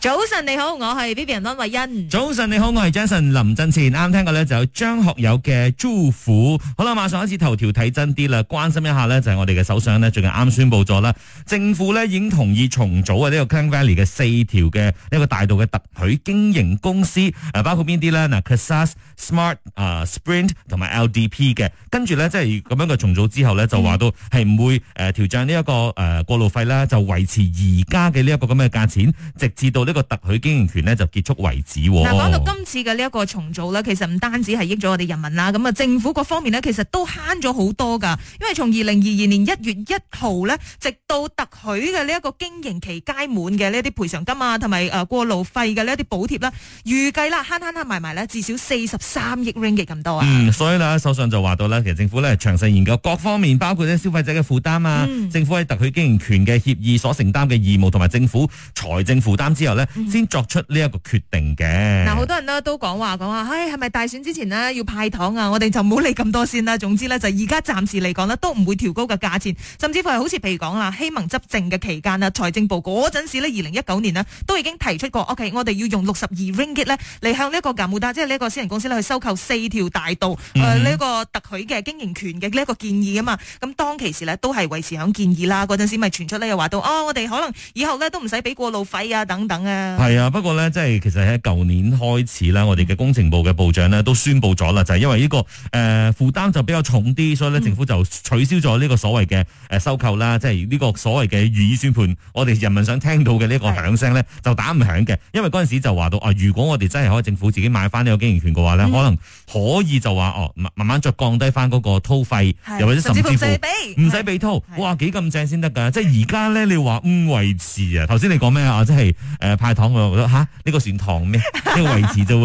早晨你好，我係 Vivian 安慧欣。早晨你好，我係 Jason 林振前。啱聽過咧就有張學友嘅祝福。好啦，馬上開始頭條睇真啲啦，關心一下咧就係、是、我哋嘅首相咧最近啱宣布咗啦，政府咧已經同意重組啊呢、這個 Klang Valley 嘅四條嘅一、這個大道嘅特許經營公司，啊、包括邊啲咧？嗱 Kesas Smart 啊、Sprint 同埋 L D P 嘅，跟住咧即係咁樣嘅重組之後咧就話到係唔會誒調、呃、漲呢、這、一個誒、呃、過路費啦，就維持而家嘅呢一個咁嘅價錢，直至到呢呢個特許經營權咧就結束為止。嗱，講到今次嘅呢一個重組咧，其實唔單止係益咗我哋人民啦，咁啊政府各方面呢，其實都慳咗好多㗎。因為從二零二二年一月一號咧，直到特許嘅呢一個經營期屆滿嘅呢一啲賠償金啊，同埋誒過路費嘅呢一啲補貼啦，預計啦慳慳慳埋埋咧，至少四十三億 ringgit 咁多啊、嗯。所以呢，首相就話到咧，其實政府咧詳細研究各方面，包括咧消費者嘅負擔啊，嗯、政府喺特許經營權嘅協議所承擔嘅義務同埋政府財政負擔之後先作出呢一個決定嘅。嗱、嗯，好多人呢都講話講話，唉，係咪大選之前呢要派糖啊？我哋就唔好理咁多先啦。總之呢，就而家暫時嚟講呢都唔會調高嘅價錢，甚至乎係好似譬如講啦，希盟執政嘅期間啊，財政部嗰陣時呢，二零一九年呢都已經提出過，OK，我哋要用六十二 ringgit 呢嚟，向呢個 Gamuda 即係呢個私人公司呢去收購四條大道呢，嗯哼呃，這個特許嘅經營權嘅呢一個建議啊嘛。咁當其時呢都係維持響建議啦。嗰陣時咪傳出呢，又話到，哦，我哋可能以後呢都唔使俾過路費啊，等等。係啊，不過咧，即係其實喺舊年開始呢，我哋嘅工程部嘅部長呢都宣布咗啦，就係、是、因為呢個誒負擔就比較重啲，所以咧政府就取消咗呢個所謂嘅誒收購啦，即係呢個所謂嘅如意算盤，我哋人民想聽到嘅呢個響聲咧就打唔響嘅，因為嗰陣時就話到啊，如果我哋真係可以政府自己買翻呢個經營權嘅話咧，嗯、可能可以就話哦，慢慢再降低翻嗰個掏費，是或者甚至乎唔使俾掏，哇幾咁正先得噶，即係而家咧你話唔維持啊，頭先你講咩啊，即係誒。呃派糖我覺得嚇，呢、這個選糖咩？呢、這個位置啫喎。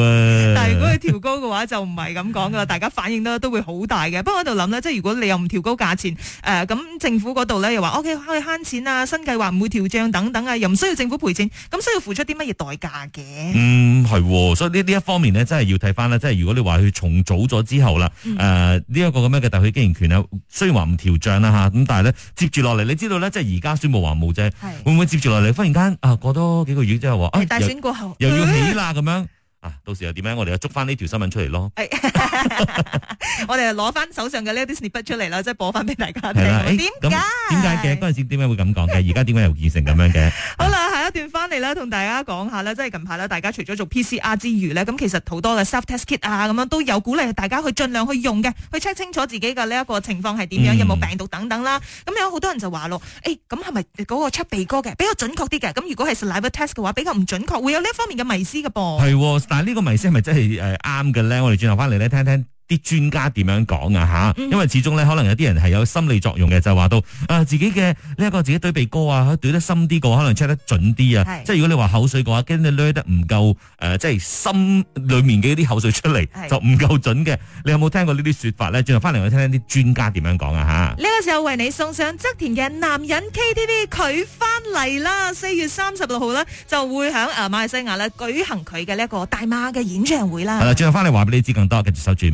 但係如果佢調高嘅話，就唔係咁講噶啦。 大家反應都都會好大嘅。不過我喺度諗咧，即係如果你又唔調高價錢，誒、呃、咁政府嗰度咧又話 O K 可以慳錢啊，新計劃唔會調漲等等啊，又唔需要政府賠錢，咁需要付出啲乜嘢代價嘅？唔係、嗯哦，所以呢呢一方面咧，真係要睇翻咧，即係如果你話佢重組咗之後啦，誒呢一個咁樣嘅特許經營權啊，雖然話唔調漲啦吓，咁但係咧接住落嚟，你知道咧，即係而家宣布話冇啫，是會唔會接住落嚟忽然間啊過多幾個月？係大選過後又要起啦，咁樣。啊啊、到時候點樣？我哋又捉翻呢條新聞出嚟咯。哎、 我哋攞翻手上嘅呢一啲 snippet 出嚟啦，即係播翻俾大家聽。點解了？點解嘅？嗰陣時點解會咁講嘅？而家點解又變成咁樣嘅？好了了啦，下一段翻嚟啦，同大家講下咧，即係近排咧，大家除咗做 PCR 之餘咧，咁其實好多嘅 self test kit 啊，咁樣都有鼓勵大家去盡量去用嘅，去 check 清楚自己嘅呢一個情況係點樣，嗯、有冇病毒等等啦。咁有好多人就話咯，誒，咁係咪嗰個 check 鼻哥嘅比較準確啲嘅？咁如果係 saliva test 嘅話，比較唔準確，會有呢一方面嘅迷思㗎噃。啊，呢、這個迷思係咪真係誒啱嘅咧？我哋轉頭翻嚟咧，聽聽。啲專家點樣講啊吓？因為始終咧，可能有啲人係有心理作用嘅，就話到啊，自己嘅呢一個自己對鼻哥啊，對得深啲個，可能 check 得準啲啊是的、呃。即係如果你話口水嘅話，驚你捋得唔夠誒，即係心裏面嘅啲口水出嚟是的 就唔夠準嘅。你有冇聽過呢啲說法咧？轉頭翻嚟我聽聽啲專家點樣講啊吓？呢個時候為你送上側田嘅男人 K T V，佢翻嚟啦，四月三十六號呢，就會響馬來西亞咧舉行佢嘅呢一個大馬嘅演唱會啦。係啦，轉頭翻嚟話俾你知更多，繼續守住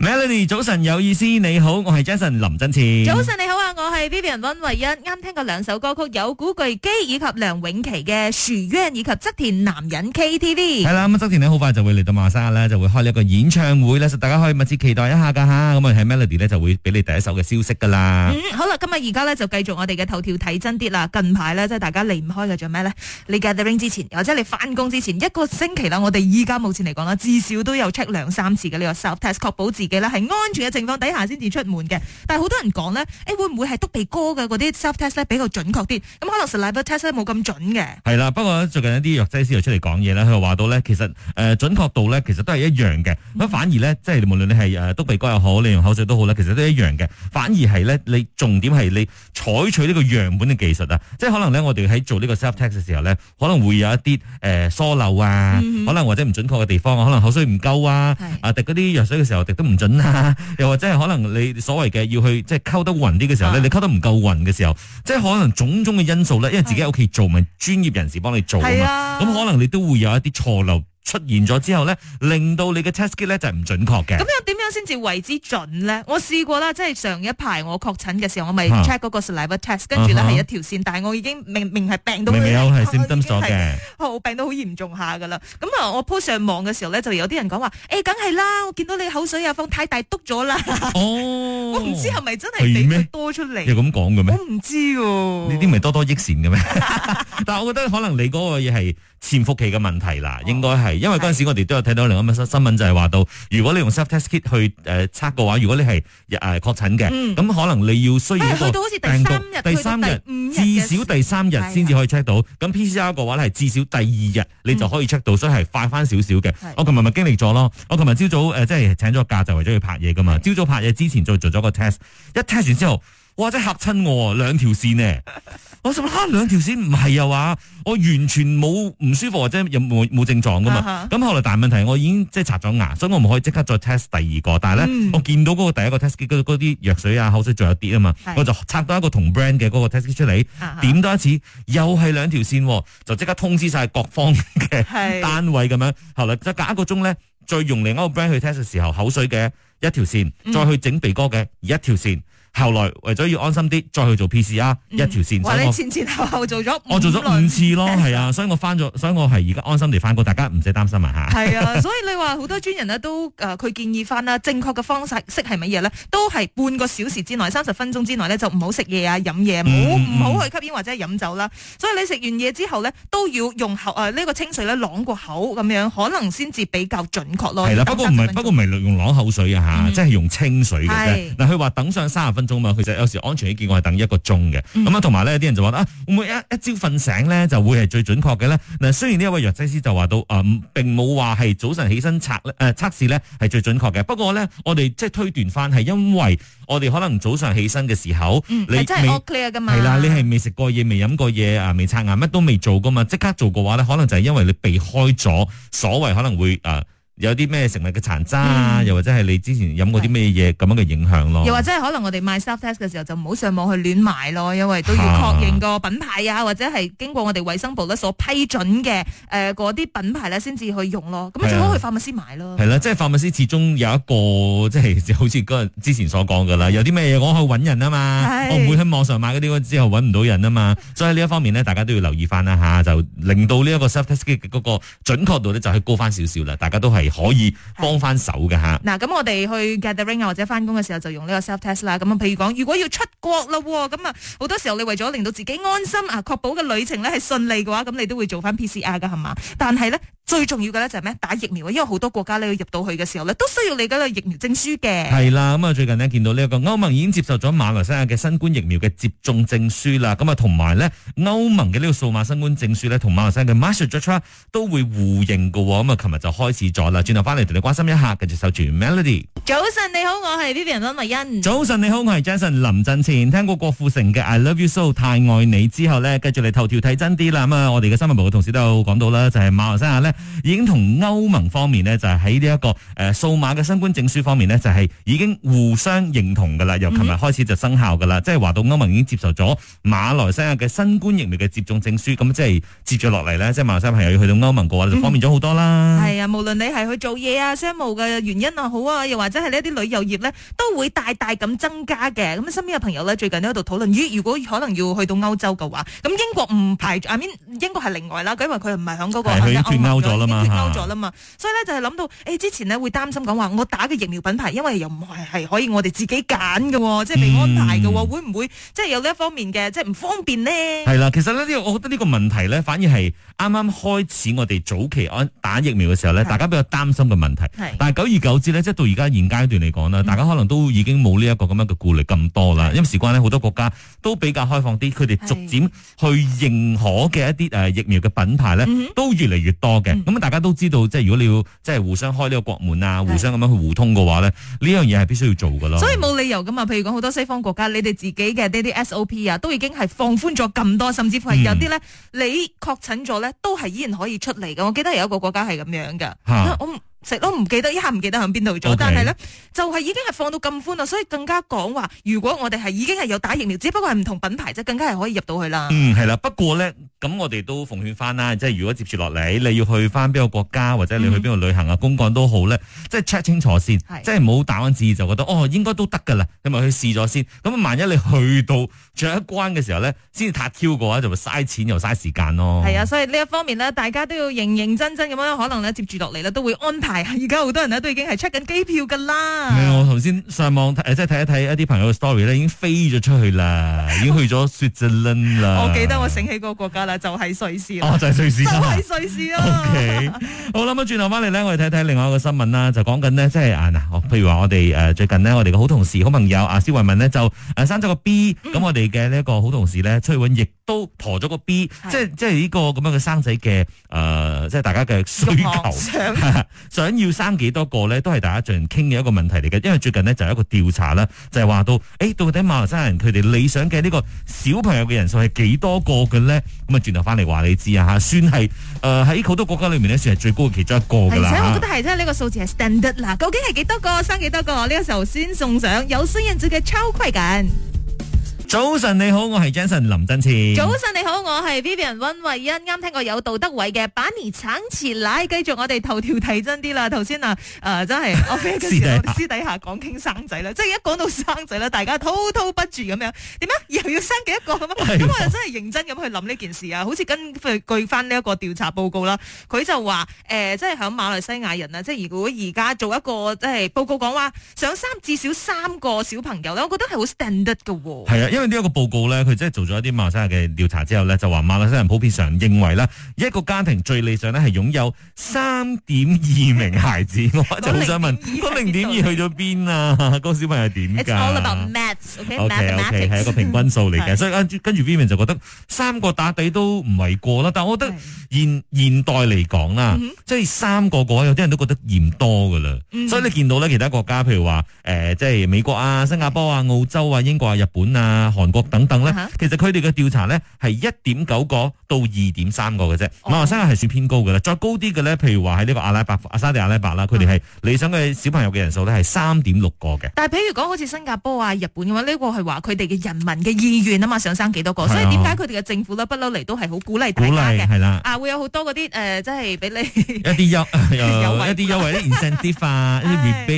Melody，早晨有意思，你好，我係 Jason 林振前。早晨你好啊，我係 Vivian 溫慧欣。啱聽過兩首歌曲，有古巨基以及梁詠琪嘅《樹怨》，以及側田男人 KTV。係啦，咁側田咧好快就會嚟到馬沙啦，就會開呢個演唱會啦，大家可以密切期待一下噶吓。咁啊喺 Melody 咧就會俾你第一首嘅消息噶啦。嗯，好啦，今日而家咧就繼續我哋嘅頭條睇真啲啦。近排咧即係大家離唔開嘅做咩咧？你 gathering 之前，或者你翻工之前，一個星期啦，我哋依家目前嚟講啦，至少都有 check 兩三次嘅呢個 self test。Code, 保,保自己啦，係安全嘅情況底下先至出門嘅。但係好多人講咧，誒、欸、會唔會係督鼻哥嘅嗰啲 self test 咧比較準確啲？咁可能 saliva test 咧冇咁準嘅。係啦，不過最近一啲藥劑師又出嚟講嘢咧，佢又話到咧，其實誒、呃、準確度咧其實都係一樣嘅。咁、嗯、反而咧，即係無論你係督鼻哥又好，你用口水都好咧，其實都是一樣嘅。反而係咧，你重點係你採取呢個樣本嘅技術啊。即係可能咧，我哋喺做呢個 self test 嘅時候咧，可能會有一啲誒疏漏啊，嗯、哼可能或者唔準確嘅地方啊，可能口水唔夠啊，是滴嗰啲藥水嘅時候。我哋都唔準啦，又或者係可能你所謂嘅要去即係溝得勻啲嘅時候咧，啊、你溝得唔夠勻嘅時候，即係可能種種嘅因素咧，因為自己喺屋企做，咪專業人士幫你做啊嘛，咁可能你都會有一啲錯漏。出現咗之後咧，令到你嘅 test kit 咧就係唔準確嘅。咁樣點樣先至為之準咧？我試過啦，即係上一排我確診嘅時候，我咪 check 嗰個 saliva test，跟住咧係一條線，但係我已經明明係病到，明明係先登咗嘅，我病到好嚴重下噶啦。咁啊，我 post 上網嘅時候咧，就有啲人講話，誒、欸，梗係啦，我見到你口水啊放太大督咗啦。哦， 我唔知係咪真係俾佢多出嚟？啊、你咁講嘅咩？我唔知喎，呢啲咪多多益善嘅咩？ 但係我覺得可能你嗰個嘢係潛伏期嘅問題啦，哦、應該係。因為嗰陣時我哋都有睇到另外咁新新聞，就係話到如果你用 self test kit 去誒測嘅話，如果你係誒確診嘅，咁、啊嗯、可能你要需要一個病去病毒第三日，第三第至少第三日先至可以 check 到。咁 PCR 嘅話咧係至少第二日你就可以 check 到，嗯、所以係快翻少少嘅。我琴日咪經歷咗咯，我琴日朝早誒即係請咗假，就為咗去拍嘢噶嘛。朝的早拍嘢之前就做做咗個 test，一 test 完之後。嗯或者嚇親我，兩條線呢、啊？ 我諗吓兩條線唔係又話我完全冇唔舒服或者有冇冇症狀噶嘛？咁、uh huh. 後來大問題我已經即係刷咗牙，所以我唔可以即刻再 test 第二個。但係咧，mm. 我見到嗰個第一個 test 嗰啲藥水啊口水仲有啲啊嘛，是我就拆到一個同 brand 嘅嗰個 test 出嚟，uh huh. 點多一次又係兩條線、啊，就即刻通知晒各方嘅 是單位咁樣。後來再隔一個鐘咧，再用另一個 brand 去 test 嘅時候，口水嘅一條線，再去整鼻哥嘅一條線。Uh huh. 後來為咗要安心啲，再去做 PCR 一條線。話你前前後後做咗，我做咗五次咯，係啊，所以我翻咗，所以我係而家安心地翻過，大家唔使擔心啊吓。係啊，所以你話好多專人咧都誒，佢建議翻啦，正確嘅方式式係乜嘢咧？都係半個小時之內，三十分鐘之內咧就唔好食嘢啊，飲嘢，唔好去吸煙或者係飲酒啦。所以你食完嘢之後咧，都要用口誒呢個清水咧，朗個口咁樣，可能先至比較準確咯。係啦，不過唔係，不過唔係用朗口水啊吓，即係用清水嘅啫。嗱，佢話等上三十。分鐘嘛，其實有時安全嘅結果係等一個鐘嘅。咁啊、嗯，同埋咧，有啲人就話啊，會唔會一一朝瞓醒咧，就會係最準確嘅咧？嗱，雖然呢一位藥劑師就話到啊、呃，並冇話係早上起身測誒測試咧係最準確嘅。不過咧，我哋即係推斷翻係因為我哋可能早上起身嘅時候，嗯、你真係 all clear 噶嘛？係啦，你係未食過嘢，未飲過嘢啊，未刷牙，乜都未做噶嘛。即刻做嘅話咧，可能就係因為你避開咗所謂可能會啊。呃有啲咩食物嘅殘渣，又或者係你之前飲過啲咩嘢咁樣嘅影響咯，又或者係可能我哋買 self test 嘅時候就唔好上網去亂買咯、啊，因為都要確認個品牌啊，的或者係經過我哋衞生部所批准嘅誒嗰啲品牌咧先至去用咯、啊。咁最好去化驗師買咯、啊。係啦的，即係、就是、化驗師始終有一個即係、就是、好似嗰之前所講嘅啦，有啲咩嘢我去揾人啊嘛，的我唔會喺網上買嗰啲，之後揾唔到人啊嘛。的所以呢一方面呢，大家都要留意翻啦嚇，就令到呢一個 self test 嘅嗰個準確度咧就係高翻少少啦。大家都係。可以幫翻手嘅吓。嗱咁我哋去 gathering 啊或者翻工嘅時候就用呢個 self test 啦。咁啊，譬如講，如果要出國啦，咁啊好多時候你為咗令到自己安心啊，確保嘅旅程咧係順利嘅話，咁你都會做翻 PCR 嘅係嘛？但係咧。最重要嘅咧就係咩？打疫苗，因為好多國家要入到去嘅時候咧，都需要你嗰個疫苗證書嘅。係啦，咁啊最近呢、這個，見到呢一個歐盟已經接受咗馬來西亞嘅新冠疫苗嘅接種證書啦，咁啊同埋咧歐盟嘅呢個數碼新冠證書咧同馬來西亞嘅 MySejahtera 都會互認嘅喎，咁啊琴日就開始咗啦。轉頭翻嚟同你關心一下，跟住守住 Melody。早晨你好，我係 Vivian 林麗欣。早晨你好，我係 Jason 林振前。聽過郭富城嘅 I Love You So 太愛你之後咧，繼續你頭條睇真啲啦。咁啊，我哋嘅新聞部嘅同事都有講到啦，就係、是、馬來西亞咧。已經同歐盟方面呢，就係喺呢一個誒數碼嘅新冠證書方面呢，就係、係、已經互相認同噶啦，由琴日開始就生效噶啦。嗯、即係話到歐盟已經接受咗馬來西亞嘅新冠疫苗嘅接種證書，咁即係接住落嚟呢，即係馬來西亞朋友要去到歐盟嘅話就方便咗好多啦。係、嗯、啊，無論你係去做嘢啊、商務嘅原因啊好啊，又或者係呢一啲旅遊業呢，都會大大咁增加嘅。咁身邊嘅朋友呢，最近都喺度討論，如果可能要去到歐洲嘅話，咁英國唔排除，英、英國係另外啦，因為佢唔係響嗰個歐是洲。咗啦嘛，所以咧就係諗到，誒之前咧會擔心講話我打嘅疫苗品牌，因為又唔係係可以我哋自己揀嘅，即係未安排嘅，會唔會即係有呢一方面嘅，即係唔方便呢？係啦，其實咧呢，我覺得呢個問題咧，反而係啱啱開始我哋早期安打疫苗嘅時候呢，大家比較擔心嘅問題。但係久而久之呢，即係到而家現階段嚟講咧，大家可能都已經冇呢一個咁樣嘅顧慮咁多啦。因為事關呢，好多國家都比較開放啲，佢哋逐漸去認可嘅一啲誒疫苗嘅品牌呢，都越嚟越多嘅。咁、嗯、大家都知道，即係如果你要即係互相開呢個國門啊，互相咁樣去互通嘅話咧，呢是的 樣嘢係必須要做噶咯。所以冇理由噶嘛。譬如講好多西方國家，你哋自己嘅呢啲 SOP 啊，都已經係放寬咗咁多，甚至乎係有啲咧，嗯、你確診咗咧，都係依然可以出嚟嘅。我記得有一個國家係咁樣噶。的我。食都唔記得一下唔記得響邊度做，Okay. 但係咧就係、是、已經係放到咁寬啦，所以更加講話，如果我哋係已經係有打疫苗，只不過係唔同品牌就更加係可以入到去啦。嗯，係啦，不過咧咁我哋都奉勸翻啦，即係如果接住落嚟，你要去翻邊個國家或者你去邊度旅行啊，嗯、公幹都好咧，即係 check 清楚先，的即係唔好打完字就覺得哦應該都得噶啦，你咪去試咗先。咁啊萬一你去到過一關嘅時候咧，先至撻 Q 嘅話，就會嘥錢又嘥時間咯。係啊，所以呢一方面呢，大家都要認認真真咁樣，可能接住落嚟咧都會安排。而家好多人呢，都已經係 check 緊機票噶啦。我頭先上網睇、呃，即係睇一睇一啲朋友嘅 story 咧，已經飛咗出去啦，已經去咗瑞士啦。我記得我醒起嗰個國家啦，就係、是、瑞士啦。哦、啊，就係、是、瑞士就係瑞士 O、okay. K，好啦，咁轉頭翻嚟，咧，我哋睇睇另外一個新聞啦，就講緊呢，即係啊嗱，譬如話我哋誒最近呢，我哋嘅好同事、好朋友阿蕭慧敏呢，就生咗個 B，咁、嗯、我哋嘅呢一個好同事咧，出去搵，亦都陀咗個 B，的即係即係呢個咁樣嘅生仔嘅誒，即係、這個呃、大家嘅需求。 想要生幾多個咧，都係大家最近傾嘅一個問題嚟嘅。因為最近呢就有一個調查啦，就係、是、話到，誒、欸，到底馬來西亞人佢哋理想嘅呢個小朋友嘅人數係幾多個嘅咧？咁啊，轉頭返嚟話你知啊吓，算係誒喺好多國家裏面咧，算係最高嘅其中一個噶啦。而且我覺得係真係呢個數字係 standard 得啦。究竟係幾多個？生幾多個？呢、這個時候先送上有心人做嘅超規緊。早晨你好，我係 Jason 林振賜。早晨你好，我係 Vivian 溫慧欣。啱聽過有杜德偉嘅《把尼撐詞奶，繼續我哋頭條睇真啲啦。頭先啊，誒、呃、真係我非嘅時候，私底下講傾生仔啦，即係一講到生仔啦，大家滔滔不絕咁樣。點樣又要生幾多個咁啊？咁的我又真係認真咁去諗呢件事啊。好似根據翻呢一個調查報告啦，佢就話誒、呃，即係響馬來西亞人啊，即係如果而家做一個即係報告講話，想三至少三個小朋友咧，我覺得係好 standard 㗎係啊，因為呢一個報告咧，佢真係做咗一啲馬來西亞嘅調查之後咧，就話馬來西亞人普遍上認為啦，一個家庭最理想咧係擁有三點二名孩子。我就好想問，嗰零點二去咗邊啊？嗰 小朋友點噶？OK OK mathematics. 係一個平均數嚟嘅，mm hmm. 所以跟住 Vivian 就覺得三個打底都唔為過啦。但係我覺得現現代嚟講啦，即係、mm hmm. 三個個有啲人都覺得嫌多噶啦。Mm hmm. 所以你見到咧，其他國家譬如話誒、呃，即係美國啊、新加坡啊、的澳洲啊、英國啊、日本啊。韓國等等咧，其實佢哋嘅調查咧係一點九個到二點三個嘅啫，馬來西亞係算偏高嘅啦，再高啲嘅咧，譬如話喺呢個阿拉伯阿沙地阿拉伯啦，佢哋係理想嘅小朋友嘅人數咧係三點六個嘅。但係譬如講好似新加坡啊、日本嘅話，呢個係話佢哋嘅人民嘅意願啊嘛，想生幾多個，所以點解佢哋嘅政府咧不嬲嚟都係好鼓勵大家，鼓勵，係啦，啊會有好多嗰啲誒，即係俾你一啲優惠一啲優惠啲 incentive 啊，啲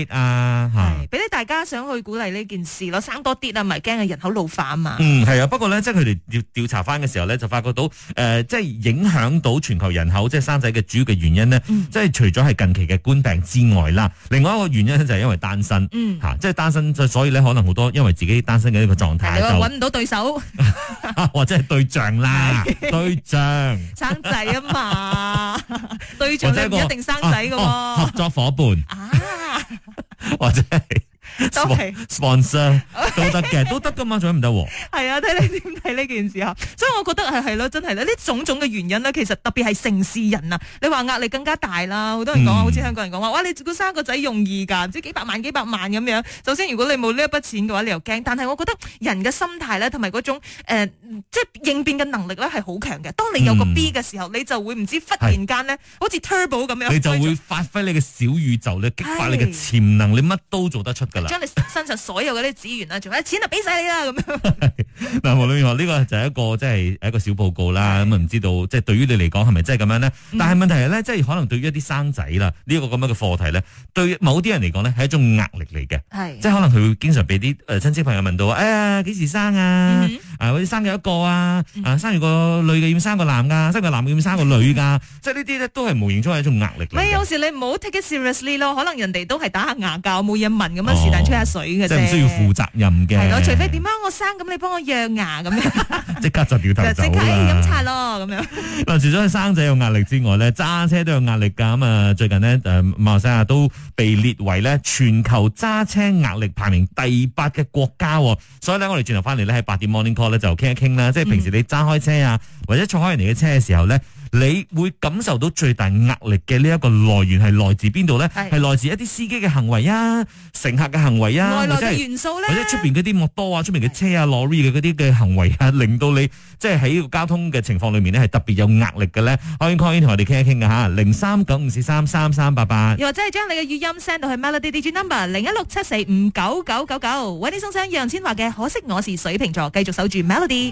rebate 啊，係俾你大家想去鼓勵呢件事咯，生多啲啦，唔係驚係人口老化。嗯，係啊，不過咧，即係佢哋調調查翻嘅時候咧，就發覺到誒、呃，即係影響到全球人口即係生仔嘅主要嘅原因咧，嗯、即係除咗係近期嘅冠病之外啦，另外一個原因就係因為單身，吓、嗯啊，即係單身，所以咧可能好多因為自己單身嘅呢個狀態、嗯、就揾唔到對手， 或者係對象啦，對象生仔啊嘛， 對象唔一定生仔、啊哦、合作伙伴啊， 或者係 sponsor 是。 都得嘅，都得噶嘛，仲有唔得？係 啊，睇你點睇呢件事啊， 所以我覺得係係咯，真係呢種種嘅原因咧，其實特別係城市人啊，你話壓力更加大啦。好多人講、嗯、好似香港人講話，哇，你生個仔容易噶，唔知幾百萬幾百萬咁樣。首先，如果你冇呢一筆錢嘅話，你又驚。但係我覺得人嘅心態咧，同埋嗰種誒、呃，即係應變嘅能力咧，係好強嘅。當你有個 B 嘅時候，你就會唔知忽然間咧，是好似 Turbo 咁樣，你就會發揮你嘅小宇宙，你是激發你嘅潛能，你乜都做得出噶啦。將你身上所有嘅啲資源仲有錢就俾晒你啦，咁樣嗱，無論如何呢個就係一個即係、就是、一個小報告啦。咁啊，唔知道即係、就是、對於你嚟講係咪真係咁樣咧？嗯、但係問題係咧，即、就、係、是、可能對於一啲生仔啦呢個咁樣嘅課題咧，對某啲人嚟講咧係一種壓力嚟嘅，即係是可能佢會經常俾啲誒親戚朋友問到 哎呀，幾時生啊？嗯啊、生咗一個啊，啊生完個女嘅要生個男噶，生個男嘅要生個女噶， 即係呢啲咧都係無形中係一種壓力。你有時候你唔好 take it seriously 咯，可能人哋都係打下牙教冇嘢問咁樣，是但吹下水嘅啫。即唔需要負責任嘅。係咯，除非點啊，我生咁你幫我讓牙咁樣，即 刻就掉頭走，即刻飲茶咯，咁樣。嗱， 除咗係生仔有壓力之外咧，揸車都有壓力㗎。咁、嗯、啊，最近呢，誒、呃、馬來西亞都被列為咧全球揸車壓力排名第八嘅國家、哦。所以咧，我哋轉頭翻嚟咧喺八點 morning call。就傾一傾啦，即係平時你揸開車啊，或者坐開人哋嘅車嘅時候咧。你會感受到最大壓力嘅呢一個來源係來自邊度咧？係來自一啲司機嘅行為啊，乘客嘅行為啊，外來元素咧，或者出邊嗰啲莫多啊，出邊嘅車啊、lorry 嘅嗰啲嘅行為啊，令到你即係喺個交通嘅情況裏面咧，係特別有壓力嘅咧。可以 call in，同我哋傾一傾嘅嚇，零三九五四三三三八八，又或者係將你嘅語音 send 到去 Melody D J number 零一六七四五九九九九，揾啲聲聲楊千嬅嘅《可惜我是水瓶座》，繼續守住 Melody。